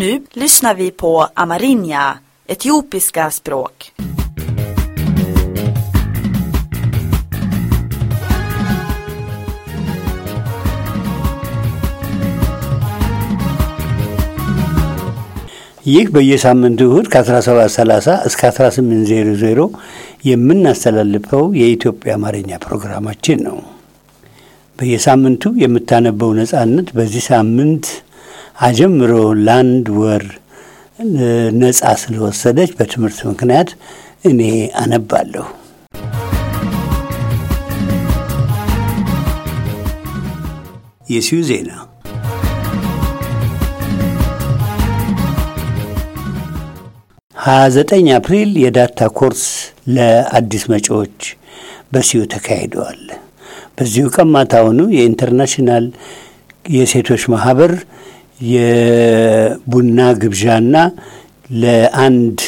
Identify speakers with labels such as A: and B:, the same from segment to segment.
A: Nu lyssnar vi på Amarinja, etiopiska språk.
B: ይህ በየሳምንቱ እሁድ ከ1730 እስከ 1800 የምናስተላልፈው የኢትዮጵያ አማርኛ ፕሮግራማችን ነው። በየሳምንቱ የምታነበው ነጻነት በዚህ ሳምንት አጀምሮ ለአንድ ወር ነጻ ስለወሰደች በትምህርት ምክንያት እኔ አነባለሁ። የሲዩ ዜና ሀያ ዘጠኝ አፕሪል የዳታ ኮርስ ለአዲስ መጪዎች በሲዩ ተካሂደዋል። በዚሁ ቀን ማታውኑ የኢንተርናሽናል የሴቶች ማህበር የቡና ግብዣና ለአንድ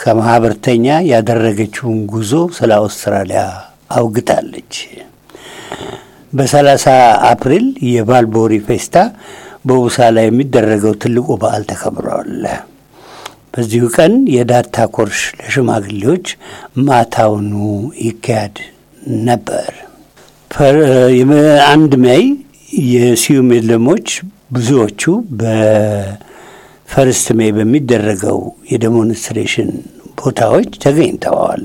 B: ከማህበርተኛ ያደረገችውን ጉዞ ስለ አውስትራሊያ አውግታለች። በ30 አፕሪል የባልቦሪ ፌስታ በውሳ ላይ የሚደረገው ትልቁ በዓል ተከብረዋል። በዚሁ ቀን የዳታ ኮርሽ ለሽማግሌዎች ማታውኑ ይካሄድ ነበር። አንድ ሜይ የሲዩ ሜድለሞች ብዙዎቹ በፈርስት ሜ በሚደረገው የዴሞንስትሬሽን ቦታዎች ተገኝተዋል።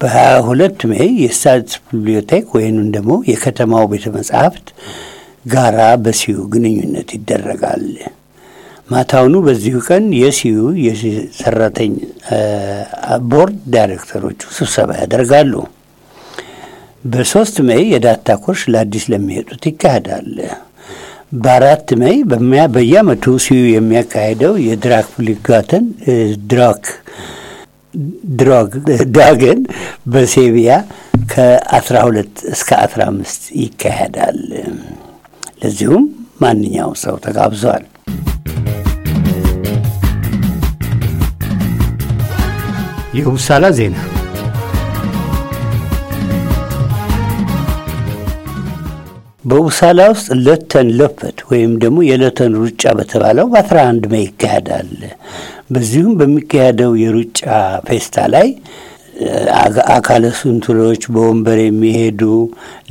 B: በሀያ ሁለት ሜይ የስታት ቢብሊዮቴክ ወይም ደግሞ የከተማው ቤተ መጻሕፍት ጋራ በሲዩ ግንኙነት ይደረጋል። ማታውኑ በዚሁ ቀን የሲዩ የሰራተኝ ቦርድ ዳይሬክተሮቹ ስብሰባ ያደርጋሉ። በሶስት ሜይ የዳታ ኮርስ ለአዲስ ለሚሄጡት ይካሄዳል። በአራት መይ በየአመቱ ሲዩ የሚያካሄደው የድራክ ፍሊጋተን ድራክ ድሮግ ዳግን በሴቪያ ከ12 እስከ 15 ይካሄዳል። ለዚሁም ማንኛውም ሰው ተጋብዟል። የውሳላ ዜና በውሳላ ውስጥ ለተን ለፈት ወይም ደግሞ የለተን ሩጫ በተባለው በ11 መይ ይካሄዳል። በዚሁም በሚካሄደው የሩጫ ፌስታ ላይ አካለ ስንቱሎች፣ በወንበር የሚሄዱ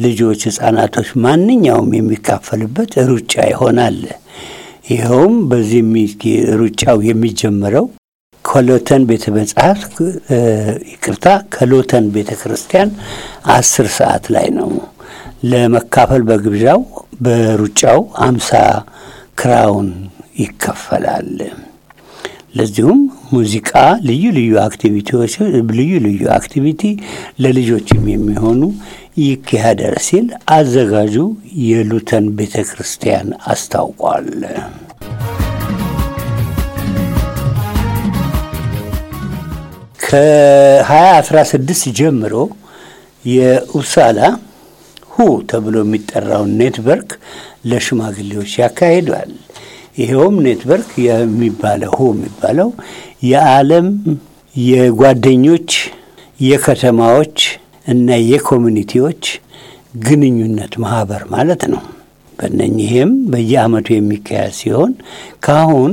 B: ልጆች፣ ህጻናቶች ማንኛውም የሚካፈልበት ሩጫ ይሆናል። ይኸውም በዚህ ሩጫው የሚጀምረው ከሎተን ቤተ መጽሐፍት ይቅርታ ከሎተን ቤተ ክርስቲያን አስር ሰዓት ላይ ነው። ለመካፈል በግብዣው በሩጫው አምሳ ክራውን ይከፈላል። ለዚሁም ሙዚቃ፣ ልዩ ልዩ አክቲቪቲዎች ልዩ ልዩ አክቲቪቲ ለልጆችም የሚሆኑ ይካሄዳል ሲል አዘጋጁ የሉተን ቤተ ክርስቲያን አስታውቋል። ከ2016 ጀምሮ የኡሳላ ሁ ተብሎ የሚጠራውን ኔትወርክ ለሽማግሌዎች ያካሂዷል። ይሄውም ኔትወርክ የሚባለው ሁ የሚባለው የዓለም የጓደኞች የከተማዎች እና የኮሚኒቲዎች ግንኙነት ማህበር ማለት ነው። በእነኚህም በየዓመቱ የሚካሄድ ሲሆን ከአሁን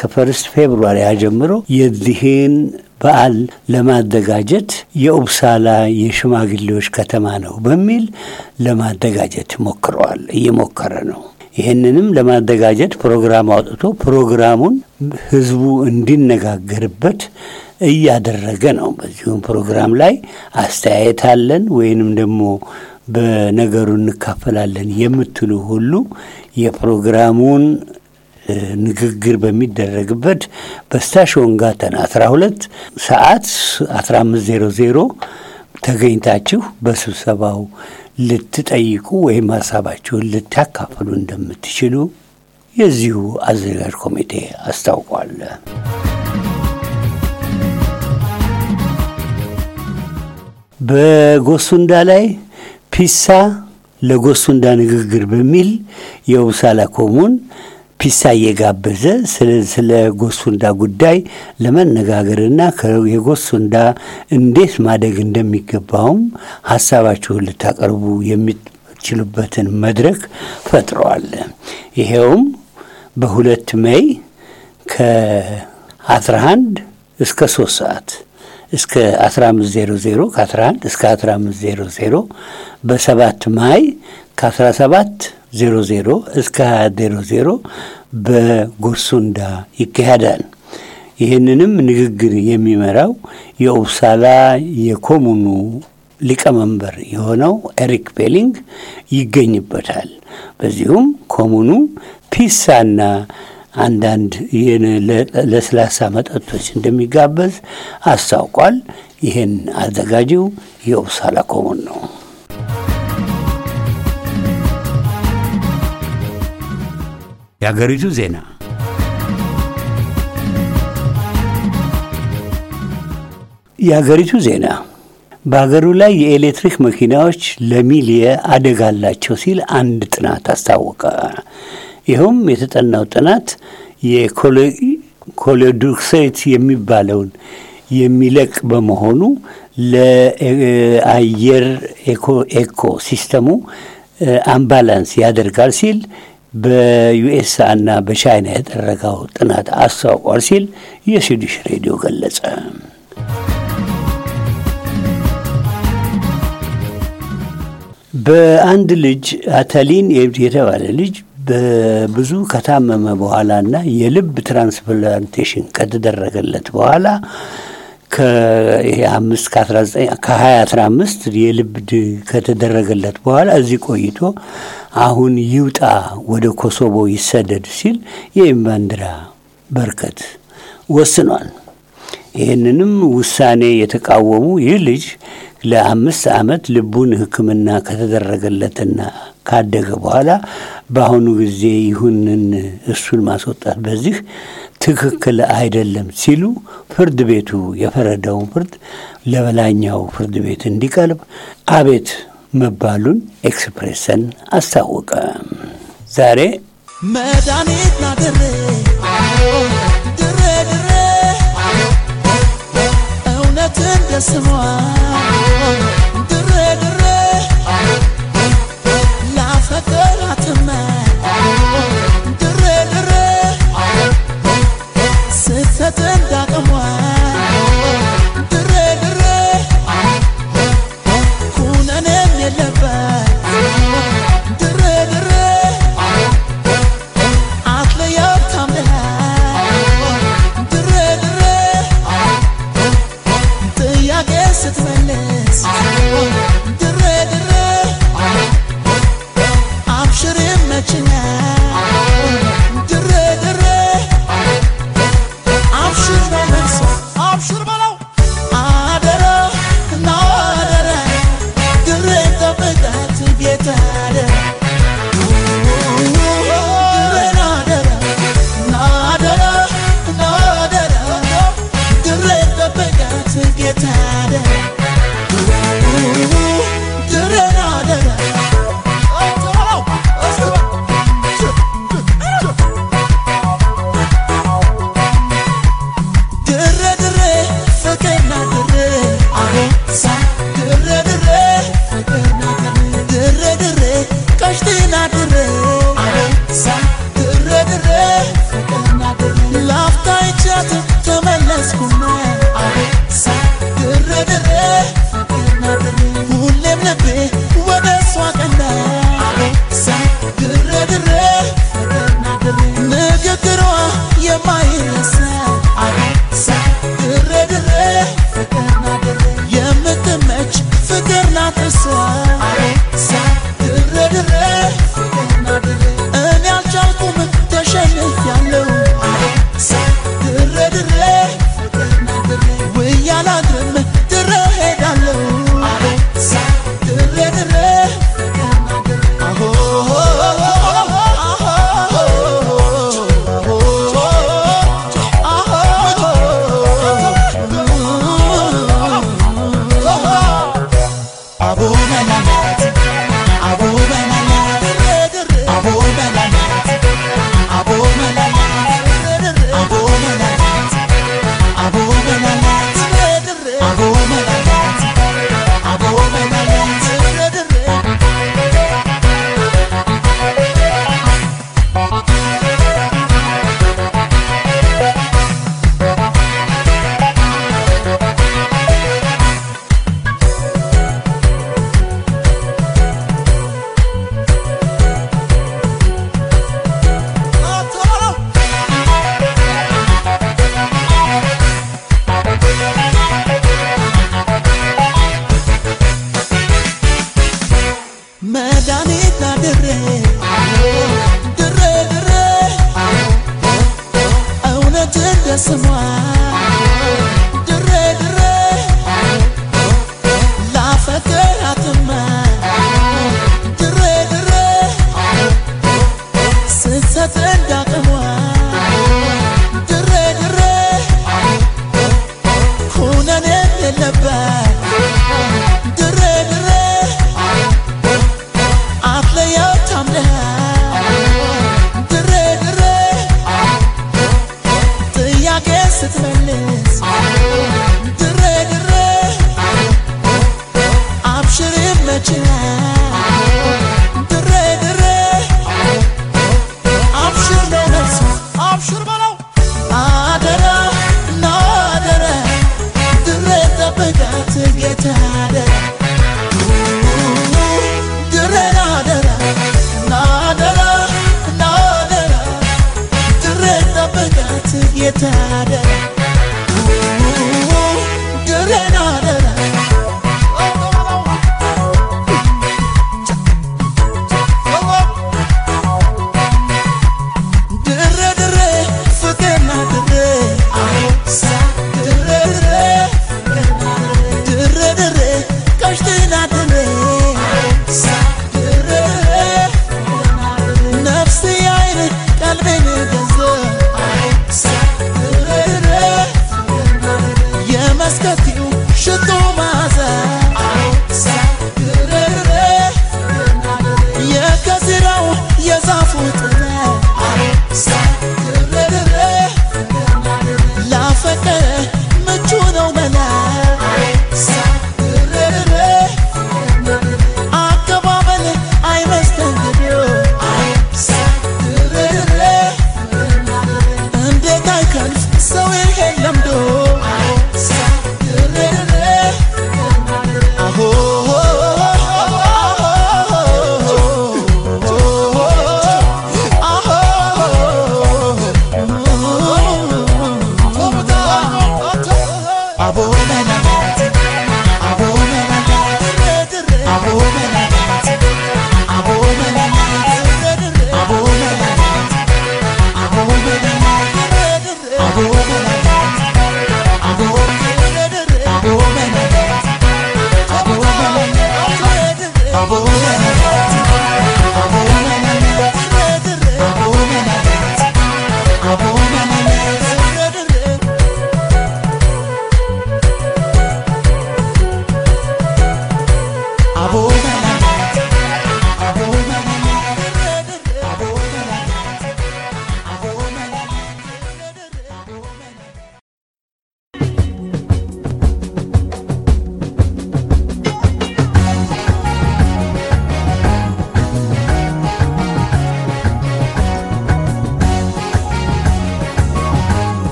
B: ከፈርስት ፌብሩዋሪ ጀምሮ የዚህን በዓል ለማዘጋጀት የኡብሳላ የሽማግሌዎች ከተማ ነው በሚል ለማዘጋጀት ሞክረዋል፣ እየሞከረ ነው። ይህንንም ለማዘጋጀት ፕሮግራም አውጥቶ ፕሮግራሙን ህዝቡ እንዲነጋገርበት እያደረገ ነው። በዚሁም ፕሮግራም ላይ አስተያየት አለን ወይንም ደግሞ በነገሩ እንካፈላለን የምትሉ ሁሉ የፕሮግራሙን ንግግር በሚደረግበት ጋተን 12 ሰዓት 1500 ተገኝታችሁ በስብሰባው ልትጠይቁ ወይም ሀሳባችሁን ልታካፍሉ እንደምትችሉ የዚሁ አዘጋጅ ኮሚቴ አስታውቋል። በጎሱንዳ ላይ ፒሳ ለጎሱንዳ ንግግር በሚል የውሳላ ኮሙን ፒሳ እየጋበዘ ስለ ጎሱንዳ ጉዳይ ለመነጋገርና የጎሱንዳ እንዴት ማደግ እንደሚገባውም ሀሳባችሁን ልታቀርቡ የሚችሉበትን መድረክ ፈጥረዋል። ይሄውም በሁለት መይ ከ11 እስከ ሶስት ሰዓት እስከ 1500 ከ11 እስከ 1500 በሰባት ማይ ከ1700 እስከ 200 በጎርሱንዳ ይካሄዳል። ይህንንም ንግግር የሚመራው የኡፕሳላ የኮሙኑ ሊቀመንበር የሆነው ኤሪክ ቤሊንግ ይገኝበታል። በዚሁም ኮሙኑ ፒሳና አንዳንድ ለስላሳ መጠጦች እንደሚጋበዝ አስታውቋል። ይህን አዘጋጂው የኡብሳላ ኮሙን ነው። የአገሪቱ ዜና የአገሪቱ ዜና በሀገሩ ላይ የኤሌክትሪክ መኪናዎች ለሚሊየ አደጋ አላቸው ሲል አንድ ጥናት አስታወቀ። ይኸውም የተጠናው ጥናት የኮሌዶክሴት የሚባለውን የሚለቅ በመሆኑ ለአየር ኤኮ ሲስተሙ አምባላንስ ያደርጋል ሲል በዩኤስ እና በቻይና የተደረገው ጥናት አስታውቋል ሲል የስዊዲሽ ሬዲዮ ገለጸ። በአንድ ልጅ አተሊን የተባለ ልጅ በብዙ ከታመመ በኋላና የልብ ትራንስፕላንቴሽን ከተደረገለት በኋላ ከአምስት ከሀያ አስራ አምስት የልብ ከተደረገለት በኋላ እዚህ ቆይቶ አሁን ይውጣ ወደ ኮሶቮ ይሰደድ ሲል የኢም በርከት ወስኗል። ይህንንም ውሳኔ የተቃወሙ ይህ ልጅ ለአምስት ዓመት ልቡን ሕክምና ከተደረገለትና ካደገ በኋላ በአሁኑ ጊዜ ይሁንን እሱን ማስወጣት በዚህ ትክክል አይደለም ሲሉ ፍርድ ቤቱ የፈረደውን ፍርድ ለበላይኛው ፍርድ ቤት እንዲቀልብ አቤት መባሉን ኤክስፕሬሰን አስታወቀ። ዛሬ
C: መድኃኒት ናደረ semua. Oh, oh, side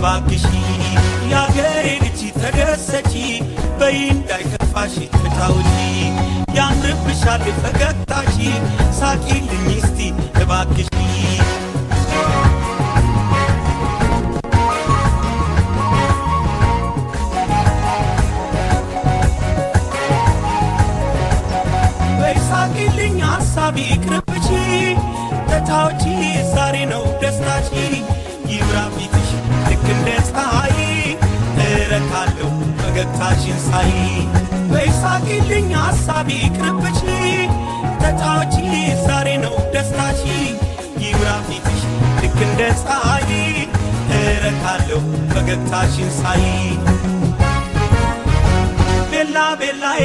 D: እባክሽ የአገሬ ልጅ ተደሰቺ በይ እንዳይከፋሽ ተጫውቺ ያምርብሻል ፈገግታሽ ሳቂልኝ እስቲ እባክሽ በይ ሳቂልኝ ሀሳቢ ይቅርብሽ ተጫውቺ ፊታሽን ሳይ በይሳቅልኝ ሐሳቢ ይቅርብሽ ተጫዋች ዛሬ ነው ደስታች ይብራ ፊትሽ ልክ እንደ ፀሐይ እረካለሁ ፈገግታሽን ሳይ ቤላ ቤላዬ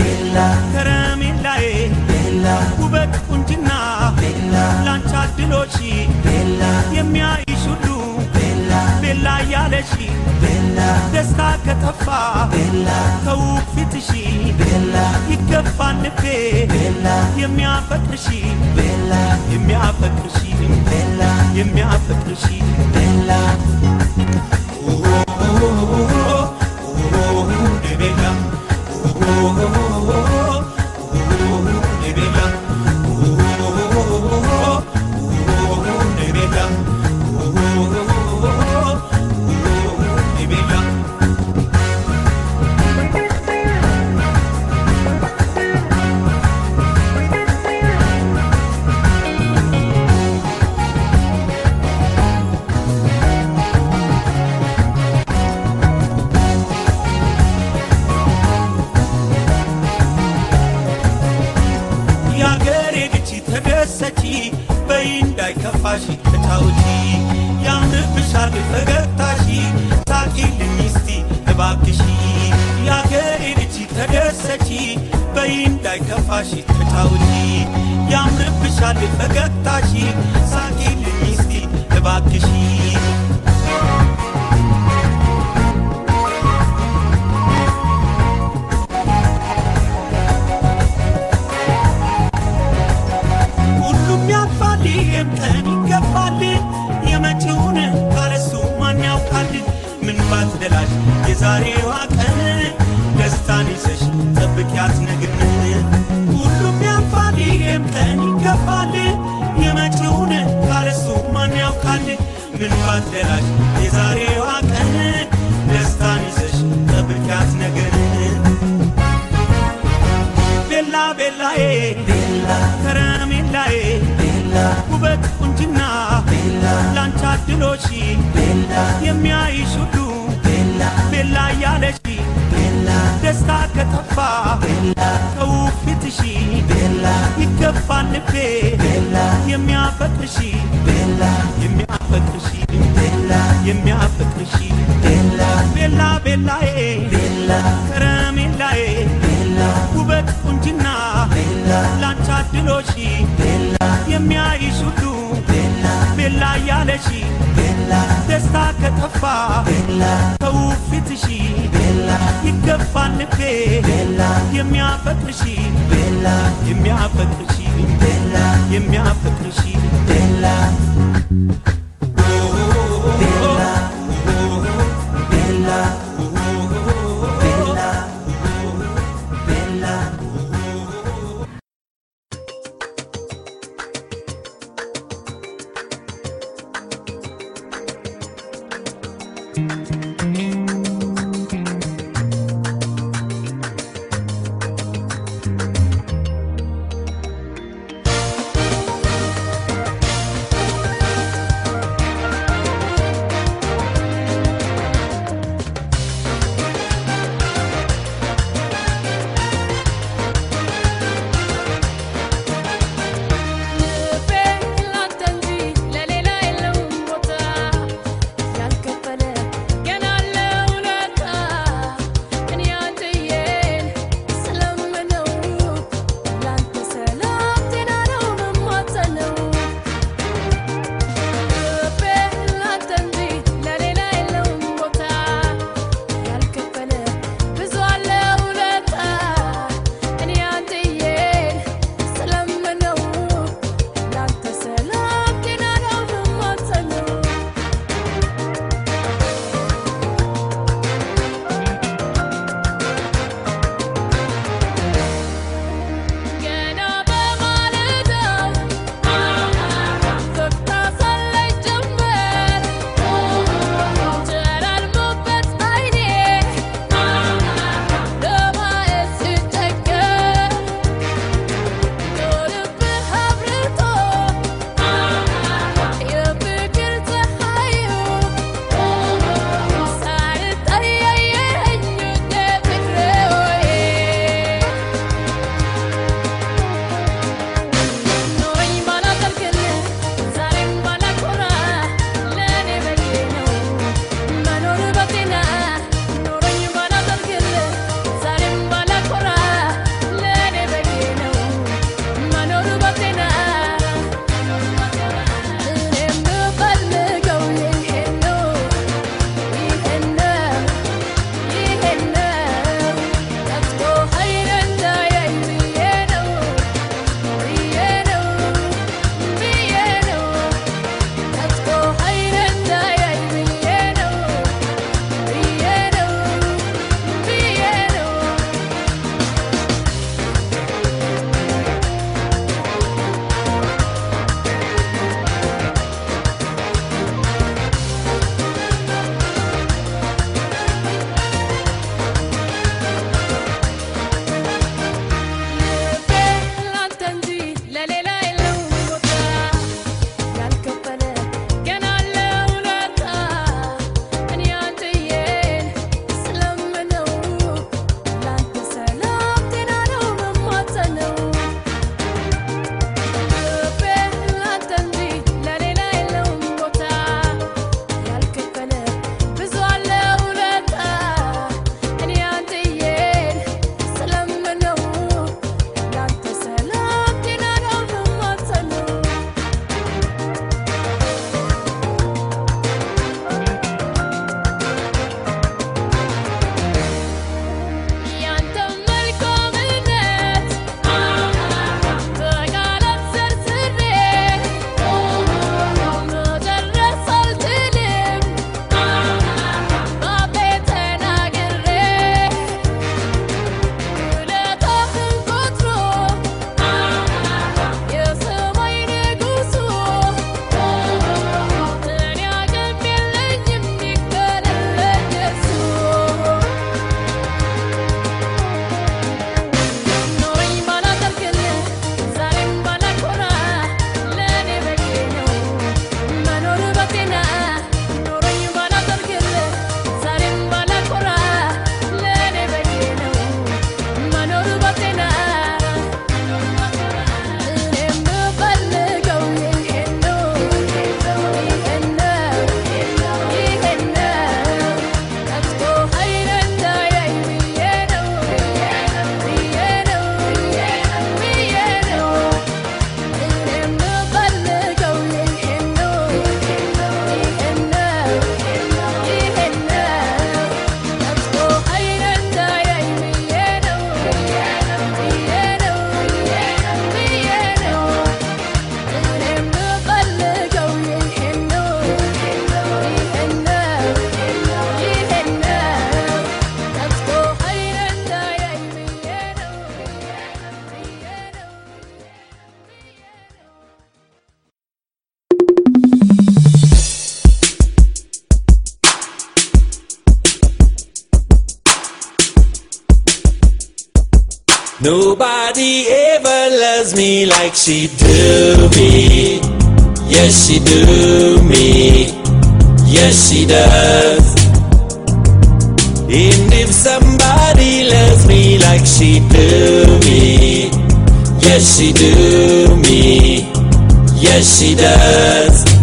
D: ቤላ ከረሜላዬ ቤላ ውበት ቁንጅና ቤላ ላንቺ አድሎሽ ቤላ የሚያይሽ ሁሉ ቤላ ቤላ እያለሽ ቤላ ደስታ ከጠፋ ቤላ ተውብ ፊትሺ ቤላ ይከፋን ልቤ ቤላ የሚያፈቅርሽ ቤላ የሚያፈቅርሽ ቤላ የሚያፈቅርሽ ቤላ ቤላ አቀፋሽ ተጫውቺ ያምርብሻል ፈገግታሽ ሳቂልኝ እስቲ እባክሽ ይከፋል። የመጪውን ካለሱ ማን ያውቃል? ምን ባደራሽ የዛሬዋ ቀን ደስታን ይዘሽ ጠብቂያት ነገር ቤላ ቤላዬ ከረሜላዬ ውበት ቁንጅና ላንቻ ድሎሽ የሚያይሽ ሁሉ ቤላ እያለች ደስታ ከጠፋ ተው ፊትሽ ይከፋል ልቤ የሚያፈቅርሽ የሚያፈቅርሽ የሚያፈቅርሽ ቤላ ቤላዬ ከረሜላዬ ውበት ቁንጅና ላንቻ አድሎሽ የሚያይሽ ሁሉ ቤላ ቤላ፣ ደስታ ከጠፋ ቤላ ተው ፊትሽ ይገባል ልቤ የሚያፈቅርሽ የሚያፈቅርሽ የሚያፈቅርሽ loves me like she do me. Yes, she do me. Yes, she does. And if somebody loves me like she do me, yes, she do me. Yes, she does.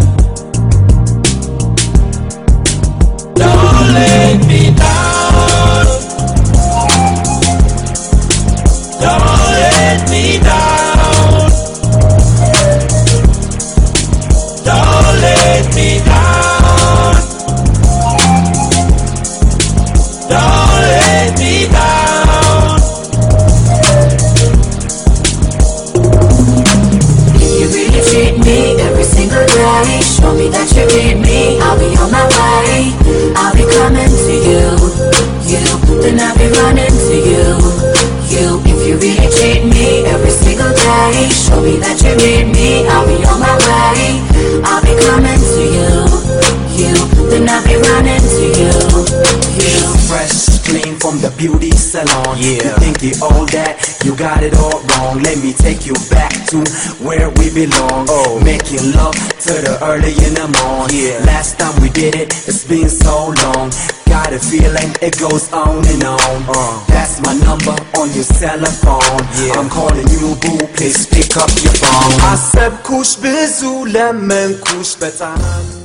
D: Yeah. You think you all that, you got it all wrong. Let me take you back to where we belong. Oh. Making love to the early in the morning. Yeah. Last time we did it, it's been so long. Got a feeling it goes on and on. Uh. That's my number on your cell phone. Yeah. I'm calling you, boo. Please pick up your phone. Asep Kush, bizule men Kush, betanan.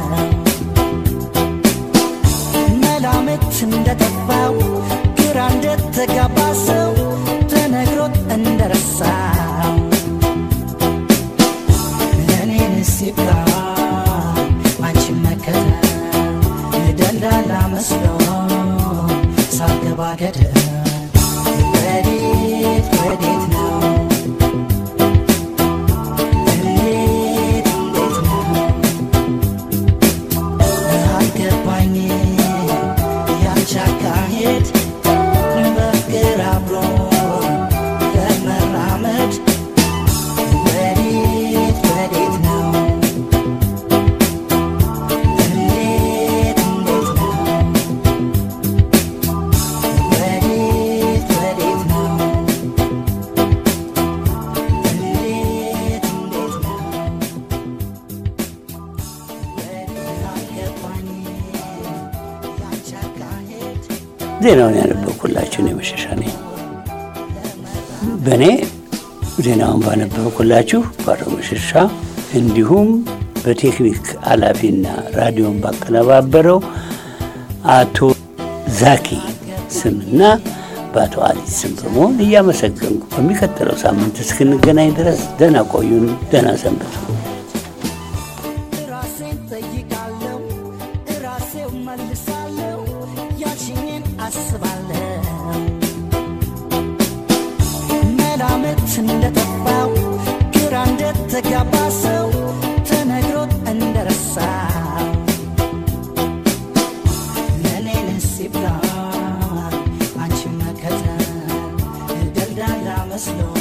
B: ያነበብኩላችሁ ባረሙ ሽሻ እንዲሁም በቴክኒክ ኃላፊና ራዲዮን ባቀነባበረው አቶ ዛኪ ስምና በአቶ አሊ ስም በመሆን እያመሰገንኩ በሚቀጥለው ሳምንት እስክንገናኝ ድረስ ደህና ቆዩን፣ ደህና ሰንብቱ።
A: It's ለተጋባ ሰው ተነግሮት እንደረሳ አንቺ ደልዳላ መስሎ